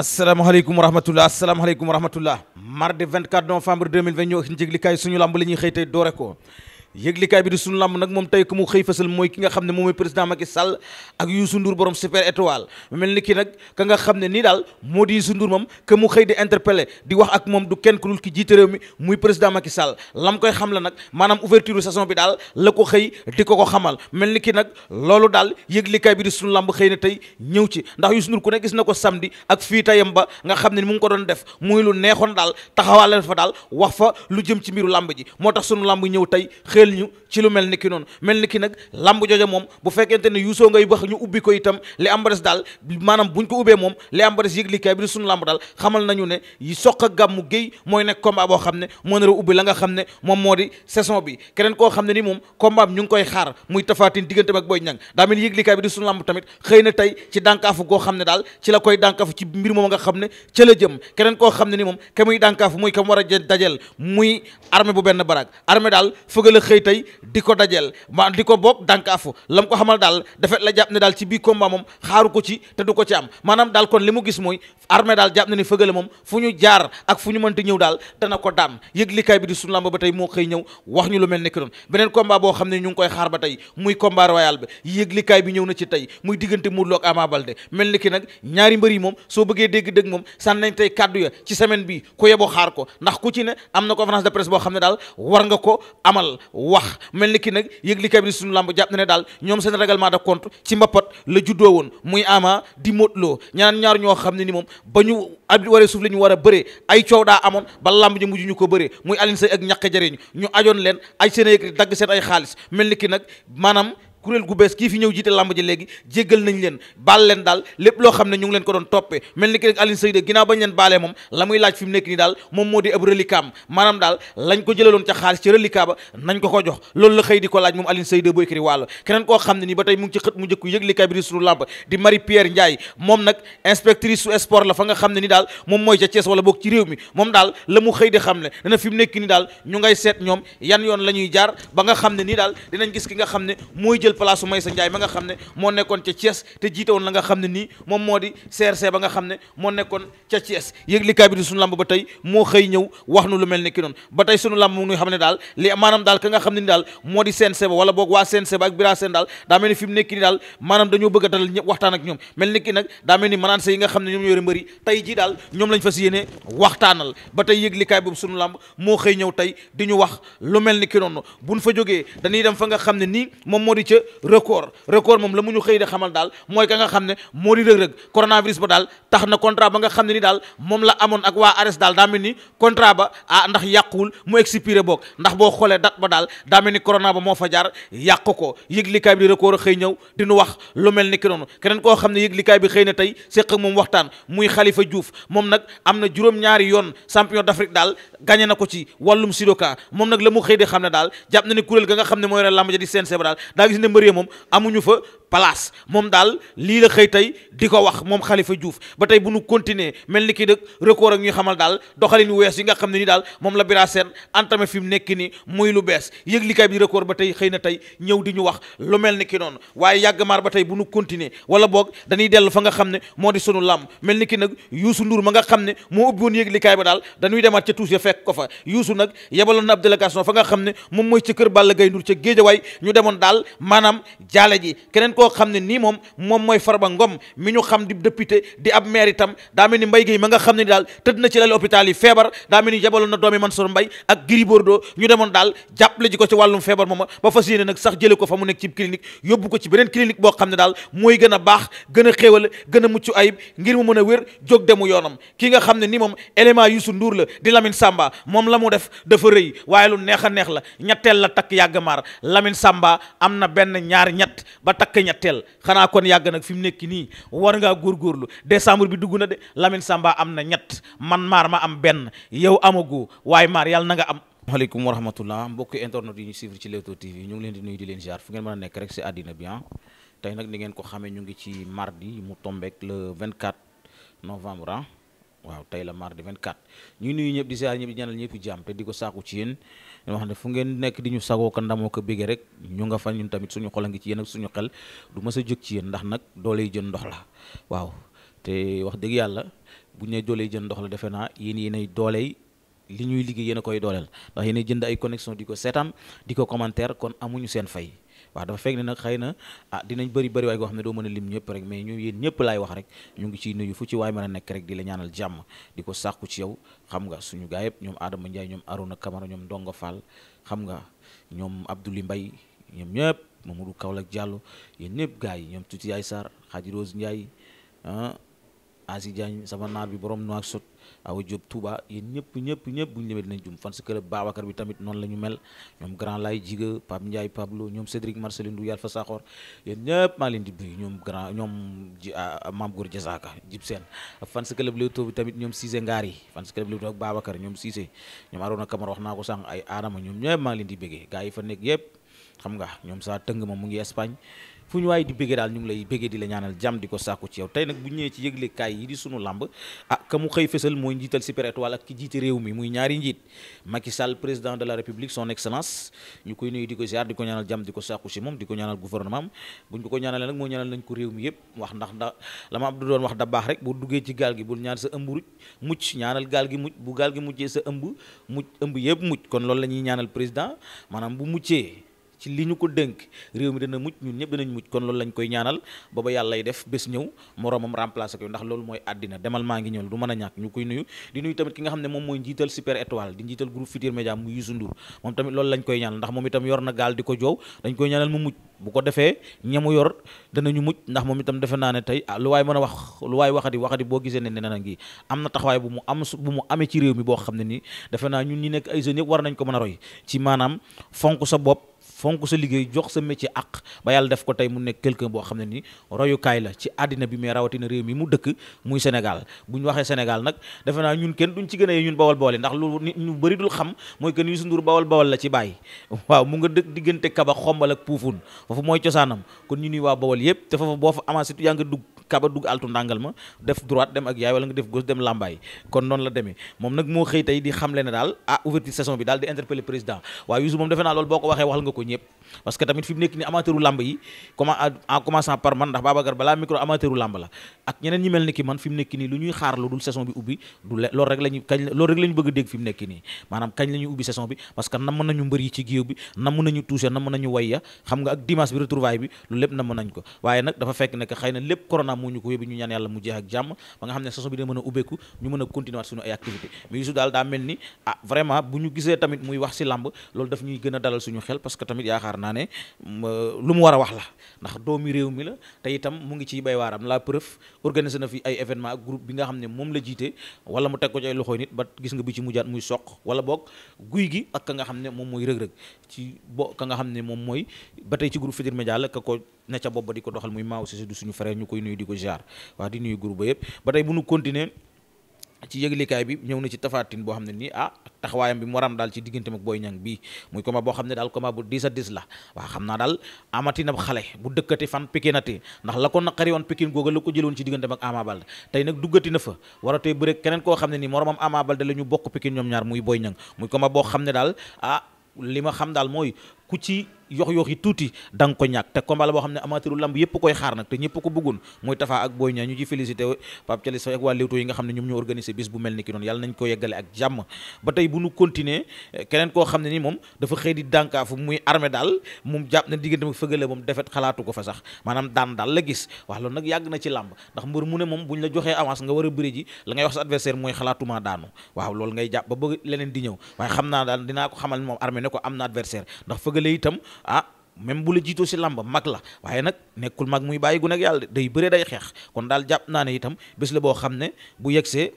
asalaamaaleykum wa rahmatullah asalaamaaleykum wa rahmatullah mardi 24 novembre 2020 ñëw njëglikaay suñu lamb li ñuy xëy tey doore ko yëglikaay bi di sunu làmb nag moom tey ku mu xëy fasal mooy ki nga xam ne moom mooy président Macky Sall ak Youssou Ndour borom super étoile mel ni kii nag ka nga xam ne nii daal moo di Youssou Ndour moom que mu xëy di interpellé di wax ak moom du kenn ku dul ki jiite réew mi muy président Macky Sall lam koy xam la nag maanaam ouverture saison bi daal la ko xëy di ko ko xamal mel ni kii nag loolu daal yëglikaay bi di sunu làmb xëy na tey ñëw ci ndax Youssou Ndour ku ne gis na ko samedi ak fii tayam ba nga xam ne mu ngi ko doon def muy lu neexoon daal taxawaaleel fa daal wax fa lu jëm ci mbiru làmb ji moo tax sunu làmb ñëw tey xel ñu ci lu mel ni ki noonu mel ni ki nag lamb jooja moom bu fekkente ne yuusoo ngay wax ñu ubbi ko itam li am ba des daal maanaam buñ ko ubbee moom li am ba des yëglikaay bi di suñu lamb daal xamal nañu ne yi soq a gàmmu géy mooy nekk combat boo xam ne moo nar a ubbi la nga xam ne moom moo di saison bi keneen koo xam ne ni moom combat am ñu ngi koy xaar muy tafaatin diggante ak Boy Niang daa mel yëglikaay bi di suñu lamb tamit xëy na tey ci dànkaafu goo xam ne daal ci la koy dànkaafu ci mbir moom nga xam ne ca la jëm keneen koo xam ne ni moom ka muy dànkaafu muy kam war a dajel muy armée bu benn baraag armée daal fëgal xëy tey di ko dajeel ma di ko boog dànkaafu lam ko xamal daal defet la jàpp ne daal ci biir combat moom xaaru ko ci te du ko ci am maanaam daal kon li mu gis mooy armée daal jàpp na ni fëgale moom fu ñu jaar ak fu ñu mënti ñëw daal dana ko daam yëglikaay bi di sunu làmb ba tey moo xëy ñëw wax ñu lu mel ni ki doon beneen combat boo xam ne ñu ngi koy xaar ba tey muy combat royal bi yëglikaay bi ñëw na ci tey muy diggante Modou Lo ak Ama mel ni ki nag ñaari mbër yi moom soo bëggee dégg moom sàn nañ ya ci semaine bi ku yeboo xaar ko ndax ku ci ne am na conférence de boo xam ne daal war nga ko amal wax mel ni ki nag yëg li kabiri suñu làmb jàpp na ne daal ñoom seen règlement de compte ci mbapat la juddoo woon muy Ama di Modou Lo ñaanaan ñaar ñoo xam ne ni moom ba ñu abi waree suuf la ñu war a bëree ay coow daa amoon ba làmb ji mujj ñu ko bëree muy Alioune Seye ak ñàkk jariñu ñu ajoon leen ay seen yëkkati dagg seen ay xaalis mel ni ki nag maanaam kuréel gu bees kii fi ñëw jiite làmb ji léegi jéggal nañ leen baal leen daal lépp loo xam ne ñu ngi leen ko doon toppee mel ni ki rek Alioune Seye de ginnaaw bañ leen baalee moom la muy laaj fi nekk nii daal ñu ngay seet ñoom yan yoon la jaar ba nga xam ne nii daal dinañ gis ki nga xam ne mooy jël place su Maysa Ndiaye ma nga xam ne moo nekkoon ca Thiès te jiite woon la nga xam ne nii moom moo di CRC ba nga xam ne moo nekkoon ca Thiès yëglikaay bi di sunu lamb moo xëy ñëw tey di a sa yi nga xam ne ñoom yore mbëri tey ji daal ñoom lañ fas yéene waxtaanal ñu wax lu mel ni ki noonu buñ fa jógee dañuy dem fa nga xam ne nii moom moo di ca ca record record moom la mu ñu xëy di xamal daal mooy ka nga xam ne moo di rëg-rëg coronavirus ba daal tax na contrat ba nga xam ne ni daal moom la amoon ak waa ARES daal daa ni contrat ba ah ndax yàquwul mu expiré boog ndax boo xoolee date ba daal daa mel ni corona ba moo fa jaar yàq ko yëglikaay bi di record xëy ñëw di nu wax lu mel ni ki noonu keneen koo xam ne yëglikaay bi xëy na tey séq ak moom waxtaan muy Khalifa Diouf moom nag am na juróom yoon champion d'Afrique daal gagné na ko ci la mu xëy di xam ne daal jàpp Maria moom amuñu fa place moom daal lii la xëy tey di ko wax moom xalifa Diouf ba tey bu nu continuer mel ni kii dëkk record ak ñuy xamal daal doxalin wees yi nga xam ne nii daal moom la Bira Sène entamé fi mu nekk ni muy lu bees yëg likaay bi record ba tey xëy na tey ñëw di ñu wax lu mel ni ki noonu waaye yàgg maar ba tey bu nu continuer wala boog dañuy dellu fa nga xam ne moo di sunu làmb mel ni ki nag Youssou Ndour ma nga xam ne moo ubbi woon likaay ba daal dañuy demaat ca tuus ya fekk ko fa Youssou nag yebaloon na ab délégation fa nga xam ne moom mooy ca kër Balla Gaye Ndour ca Géejawaay ñu demoon daal maanaam jaale ji koo xam ne nii moom moom mooy Farba Ngom mi ñu xam di député di ab maire itam daa mel ni Mbaye Guèye ma nga xam ne ni daal tëdd na ci lal hôpital yi feebar daa mel ni jabaloon na doomi Mansour Mbaye ak Gris Bordeaux ñu demoon daal jàppale ji ko ci wàllum feebar mooma ba fas yéene nag sax jële ko fa mu nekk ci clinique yóbbu ko ci beneen clinique boo xam ne daal mooy gën a baax gën a xéewal gën a mucc ayib ngir mu mën a wér jóg demu yoonam ki nga xam ne ni moom élément Youssou Ndour la di Lamine Samba moom la mu def dafa rëy waaye lu neex a neex la ñetteel la takk yàgg maar Lamine am na benn ñaar ñett ñetteel xanaa kon yàgg nag fi mu nekk nii war ngaa góorgóorlu décembre bi dugg na de Lamine Samba am na ñett man maar ma am benn yaw amagoo waaye maar yàlla na nga am. maaleykum wa rahmatullah mbokki internet yi ñu suivre ci Leewtoo TV ñu ngi leen di nuyu di leen ziar fu ngeen mën a nekk rek si àddina bi ah. tey nag ni ngeen ko xamee ñu ngi ci mardi mu tombeek le 24 novembre ah waaw tey la mardi 24 ñu nuyu ñëpp di ziar ñëpp di ñaanal ñëpp jàmm te di ko saaku ci yéen. ñu wax ne fu ngeen nekk di ñu sagoo ko ndamoo ko bégee rek ñu nga fa ñun tamit suñu xol a ngi ci yéen ak suñu xel du mës a jóg ci yéen ndax nag dooley jën ndox la waaw te wax dëgg yàlla bu ñu nee dooley jën ndox la defe naa yéen yéenay dooley li ñuy liggéey yéen a koy dooleel ndax yéenay jënd ay connexion di ko seetaan di ko commentaire kon amuñu seen fay waaw dafa fekk ne nag xëy na ah dinañ bëri bëri waay goo xam ne doo mën a lim ñëpp rek mais ñu yéen ñëpp laay wax rek ñu ngi ciy nuyu fu ci waay mën a nekk rek di la ñaanal jàmm di ko sàkku ci yow xam nga suñu gaay yëpp ñoom Adama Ndiaye ñoom Arona Camara ñoom Ndongo Fall xam nga ñoom Abdoulaye mbay ñoom ñëpp Mamadou Kaolack Diallo yéen ñëpp gaay yi ñoom Tuuti Yaay Sarr Xaaji Rose Ndiaye ah Asi Diagne sama naar bi borom Nouakchott Awa Diop Touba yéen ñëpp ñëpp ñëpp bu ñu limee dinañ jum fan si club Babacar bi tamit noonu la ñu mel ñoom grand lay jiga Pape Ndiaye Pablo ñoom Cédric Marcelin du yàlla fa saaxoor yéen ñëpp maa leen di buy ñoom grand ñoom ji ah, ah, Mame Gour Diazaka Jib Sène fan si club Leewtoo bi tamit ñoom Cissé Ngaar yi fan si club Leewtoo ak Babacar ñoom Cissé ñoom Arona Camara wax naa ko sànq ay Adama ñoom ñëpp maa leen di bëggee gars yi fa nekk yëpp xam nga ñoom saa tëng ma mu ngi fu ñu waaye di bëggee daal ñu ngi lay bëggee di la ñaanal jàmm di ko sàkku ci yow tey nag bu ñëwee ci yëglekaay yi di sunu làmb ah ka mu xëy fësal mooy njiital Super Étoile ak ki jiite réew mi muy ñaari njiit Macky Sall président de la République son excellence ñu koy nuyu di ko ziar di ko ñaanal jàmm di ko sàkku ci moom di ko ñaanal gouvernement am buñ ko ko ñaanalee nag moo ñaanal nañ ko réew mi yëpp wax ndax da la ma Abdou doon wax dabaax rek bu duggee ci gaal gi bul ñaan sa ëmb mucc ñaanal gaal gi mucc bu gaal gi muccee sa ëmb mucc ëmb yëpp mucc kon loolu la ñuy ñaanal président maanaam bu muccee ci li ñu ko dénk réew mi dana mucc ñun ñëpp danañ mucc kon loolu lañ koy ñaanal ba ba yàlla lay def bés ñëw moroomam remplacer ko ndax loolu mooy àddina demal maa ngi ñëw du mën a ñàkk ñu koy nuyu di nuyu tamit ki nga ne moom mooy njiital Super Étoile di njiital groupe Futurs Médias mu Youssou Ndour lañ koy ñaanal ndax moom itam yor na gaal di ko joow dañ koy ñaanal mu mucc bu ko defee ñamu yor dana ñu mucc ndax moom itam defe naa ne tey ah, lu waay mën a wax lu waay waxati waxati boo gisee ne nena ngi am na taxawaay bu mu am bu mu amee ci réew mi boo xam ne ni defe naa ñun ñi nekk ay jeunes war nañ ko mën a roy ci maanaam fonk sa bopp fonk sa liggéey jox sa métier ak ba yàlla def ko tey mu nekk quelqu'un boo xam ne ni royukaay la ci àddina bi mais rawatina réew mi mu dëkk muy Sénégal bu waxee Sénégal nag defe naa ñun kenn duñ ci gën a ñun bawal bawal ndax lu nit ñu mooy que Youssou Ndour bawal bawal la ci bàyyi waaw mu nga boo fa amancé yaa nga dugg Kaba dugg altu ndàngal ma def droite dem ak yaay wala nga def gauche dem làmbaay kon noonu la demee moom nag moo xëy tey di xamle ne daal ah ouverture saison bi daal di interpeller président waaw Youssou moom defe naa loolu boo ko waxee waxal nga ko ñëpp parce que tamit fi nekk ni amateuru lamb yi comment en commençant par man ndax Babacar balaa micro amateuru lamb la ak ñeneen ñi mel ni ki man fi nekk nii lu ñuy xaar lu dul saison bi ubbi loolu rek lañu bëgg a dégg fi nekk nii maanaam kañ la ubbi saison bi parce que namm nañu mbër ci géew bi namm nañu touché namm nañu wayya xam nga ak dimanche bi retrouvaille bi lu lépp namm nañ ko waaye nag dafa fekk ne que na lépp corona moo ñu ko yóbbu tamit naa ne lu mu war a wax la ndax doomi réew mi la te itam mu ngi ciy bay waaram la preuve organisé na fi ay événement ak groupe bi nga xam ne moom la jiite wala mu teg ko ci ay loxoy nit ba gis nga bi ci mujjaat muy soq wala boog guy gi ak ka nga xam ne moom mooy rëg-rëg ci bo ka nga xam ne moom mooy ba tey ci groupe Futurs Médias la ka ko ne ca bopp ba di ko doxal muy maaw si suñu frère ñu koy nuyu di ko jaar waa di nuyu groupe ba yëpp ci yëglikaay bi ñëw na ci tafaatin boo xam ne nii ah taxawaayam bi mu waram daal ci digganteem ak Boy Niang bii muy combat boo xam ne daal combat bu diis a diis la waa xam naa daal amati na xale bu dëkkati fan pikinati ndax la ko naqari woon pikin googa la ko jëloon ci digganteem ak Ama Baldé tey nag duggati na fa war a tey keneen koo xam ne nii moromam Ama Baldé la ñu bokk pikin ñoom ñaar muy Boy Niang muy combat boo xam ne daal ah li ma xam daal mooy ku ci yox-yox yi tuuti da nga ko ñàkk te combat la boo xam ne amateuru lamb yëpp koy xaar nag te ñëpp ko bëggoon muy Tapha ak Boy Niang ñu ci félicité Pape Thialis Faye ak waa Leewtoo yi nga xam ne ñoom organisé bis bu mel ni ki noonu yàlla nañ ko yeggale ak jàmm ba tey bu ñu continuer eh, keneen koo xam ne ni moom dafa xëy di dànkaafu muy armé daal moom jàpp na diggante ma fëgale moom defet xalaatu ko fa sax maanaam daan daal la gis wax loolu nag yàgg na ci làmb ndax mbër mu ne moom bu ñu la joxee avance nga war a bëri ji la ngay wax sa adversaire mooy xalaatuma daanu waaw loolu xam naa daal dinaa ko xamal moom armé na adversaire ah même bu la jiito si làmb mag la waaye nag nekkul mag muy bàyyi gu nag yàlla day bëre day xeex kon daal jàpp naa ne itam bés la boo xam ne bu yegsee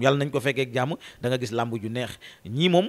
yàlla nañ ko fekkeek jàmm danga gis làmb ju neex ñii moom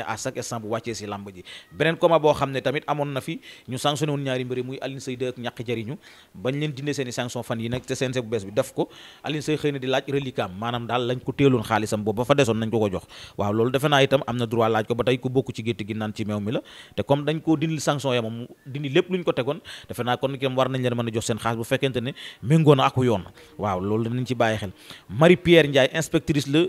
ne à bu wàccee si làmb ji beneen combat boo xam ne tamit amoon na fi ñu sanctionné woon ñaari mbëri muy Alioune Seye ak ñàkk jariñu bañ leen dindee seen sanction fan yi nag te CNG bu bees bi def ko Alioune xëy na di laaj reliquam maanaam daal lañ ko téeloon xaalisam boobu ba fa desoon nañ ko ko jox waaw loolu defe naa itam am na droit laaj ko ba tey ku bokk ci gétt gi naan ci meew mi la te comme dañ koo dindi sanction ya dindi lépp luñ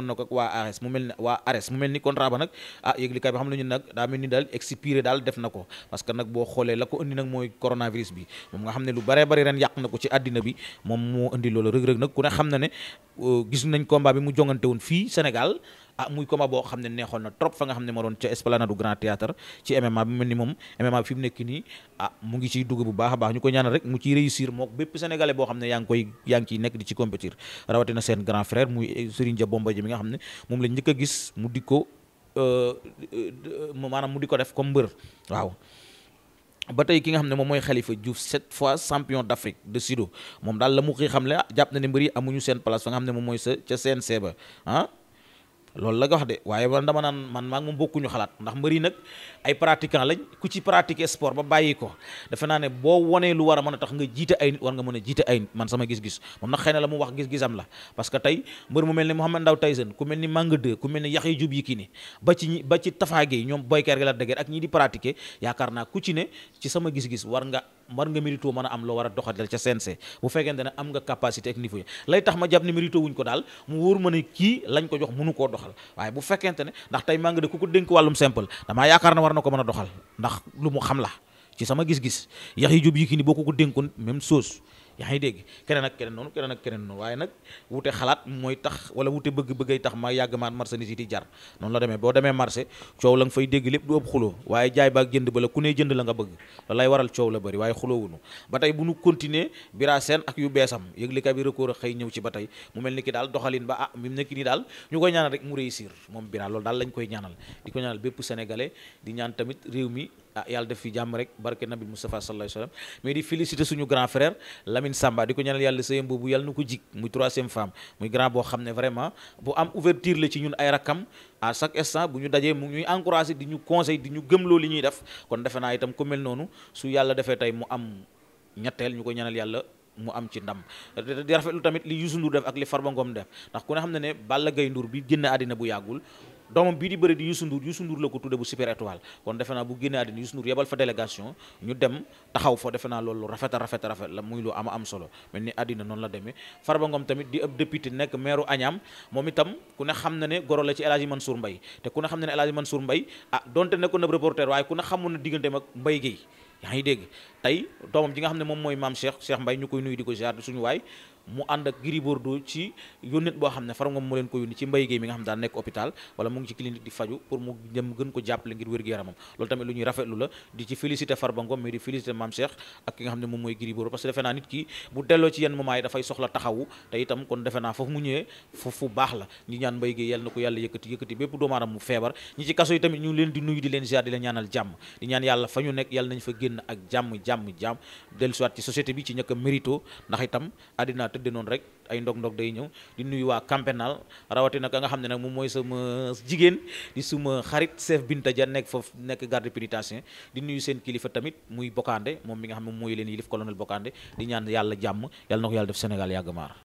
amoon na ko ak waa ares mu mel ni waa ares mu mel ni contrat ba nag ah yëglikaay bi xam nañu nag daa mel ni daal expiré daal def na ko parce que nag boo xoolee la ko indi nag mooy coronavirus bi moom nga xam ne lu bare bari ren yàq na ko ci àddina bi moom moo indi loolu rëg-rëg nag ku ne xam na ne euh, gis nañ combat bi mu jongante woon fii Sénégal ah muy combat boo xam ne neexoon na trop fa nga xam ne moo doon ca esplanade du grand théâtre ci MMA bi mel ni moom MMA fi mu nekk nii ah mu ngi ciy dugg bu baax baax ñu ko ñaanal rek mu ciy réussir mook bépp sénégalais boo xam ne yaa ngi koy eh, ne moom la njëkk a gis mu di ko euh, euh, mu di ko def comme mbër waaw ba tey ki nga xam ne moom mooy Khalifa Diouf sept fois champion d'Afrique de judo moom daal la mu xam ne ah jàpp na ne mbër yi amuñu seen place fa nga xam ne moom mooy sa ca CNG ba ah loolu la nga wax de waaye man dama naan man maa ngi moom bokkuñu xalaat ndax mbëri nag ay pratiquant lañ ku ci pratiquer sport ba bàyyi ko defe naa ne boo wonee lu war a mën a tax nga jiite ay nit war nga mën a jiite ay nit man sama gis-gis moom nag xëy la mu wax gis-gisam la parce que tey mbër mu mel ni Mohamed Ndao Tyson ku mel ni Manga 2 ku mel ni Yaxya Jub ni ba ci ñi ba ci Tapha Guèye ñoom boykeer gi la dëgër ak ñi di pratiquer yaakaar naa ku ci ci sama gis-gis war nga war nga mérito mën a am loo war a doxatal ca CNC bu fekkente ne am nga capacité ak niveau yi lay tax ma jàpp ni mérito wuñ ko daal mu wóor ma ne kii lañ ko jox mënu koo doxal waaye bu fekkente ne ndax tey maa ngi de ku ko dénk wàllum simple damaa yaakaar na war na ko mën a doxal ndax lu mu xam la ci sama gis-gis yax yi jub yi ki ni boo ko ko dénkoon même chose yaa ngi dégg keneen ak keneen noonu keneen ak keneen noonu waaye nag wute xalaat mooy tax wala wute bëgg-bëggay tax ma yàgg maan marchandise yi di jar noonu la demee boo demee marché coow la nga fay dégg lépp du ëpp xuloo waaye jaay baak jënd ba la ku ne jënd la nga bëgg la lay waral coow la bëri waaye xuloowunu ba tey bu nu continuer bira seen ak yu beesam yëglikaay bi record a xëy ñëw ci ba tey mu mel ni ki daal doxalin ba ah mi nekk nii daal ñu koy ñaanal rek mu réussir moom bira loolu daal lañ koy ñaanal di ko ñaanal bépp sénégalais di ñaan tamit réew mi ah yàlla def fi jàmm rek barke nabi Moustapha sallallahu alayhi wasallam mais di féliciter suñu grand frère Lamine Samba di ko ñaanal yàlla sëyam boobu yàlla na ko jig muy troisième femme muy grand boo xam ne vraiment bu am ouverture la ci ñun ay rakkam à chaque instant bu ñu dajee mu ñuy encourager di ñu conseil di ñu gëmloo li ñuy def kon defe naa itam ku mel noonu su yàlla defee tey mu am ñetteel ñu ko ñaanal yàlla mu am ci ndam di rafetlu tamit li Youssou Ndour def ak li Farba Ngom ndax ku xam ne ne Balla Gaye Ndour bi génn bu yàggul doomam bii di bëri di Youssou Ndour Youssou Ndour la ko tudde bu super étoile kon defe naa bu génnee àddina Youssou Ndour yebal fa délégation ñu dem taxaw foo defe naa loolu rafet rafet rafet la muy lu am am solo mel ni àddina noonu la demee Farba Ngom tamit di ab député nekk maire Agnam moom itam ku ne xam ne ne goro la ci El Hadji Mansour Mbaye te ku ne xam na ne El Hadji Mansour Mbaye ah donte nekkoon ab reporter waaye ku ne xamoon na digganteem ak Mbaye Guèye yaa ngi dégg tey doomam ji nga xam ne moom mooy maam Cheikh Cheikh Mbaye ñu koy nuyu di ko ziar suñu waay mu ànd ak Gris Bordeaux ci yónnit boo xam ne Far Ngom moo leen ko yónni ci mbay géey mi nga xam daan nekk hôpital wala mu ngi ci clinique di faju pour mu dem gën ko jàppale la nit ki bu delloo ci yenn moment yi mu feebar ñi ci kaso yi tamit ñu leen di nuyu di leen ziar di leen ñaanal jàmm di ñaan yàlla fa ñu nekk yàlla nañ fa génn ak jàmm jàmm jàmm dellusiwaat ci société bi ci ñëkk mérito ndax itam àddina tëddee noonu rek ay ndog-ndog day ñëw di nuyu waa Campenal rawatina ka nga xam ne nag moom mooy sama jigéen di suma xarit chef Binta ja nekk foofu nekk garde pénitentiaire di nuyu seen kilifa tamit muy Bokande moom mi nga xam ne mooy leen yilif colonel Bokande di ñaan yàlla jàmm yàlla na ko yàlla def Sénégal yàgg maar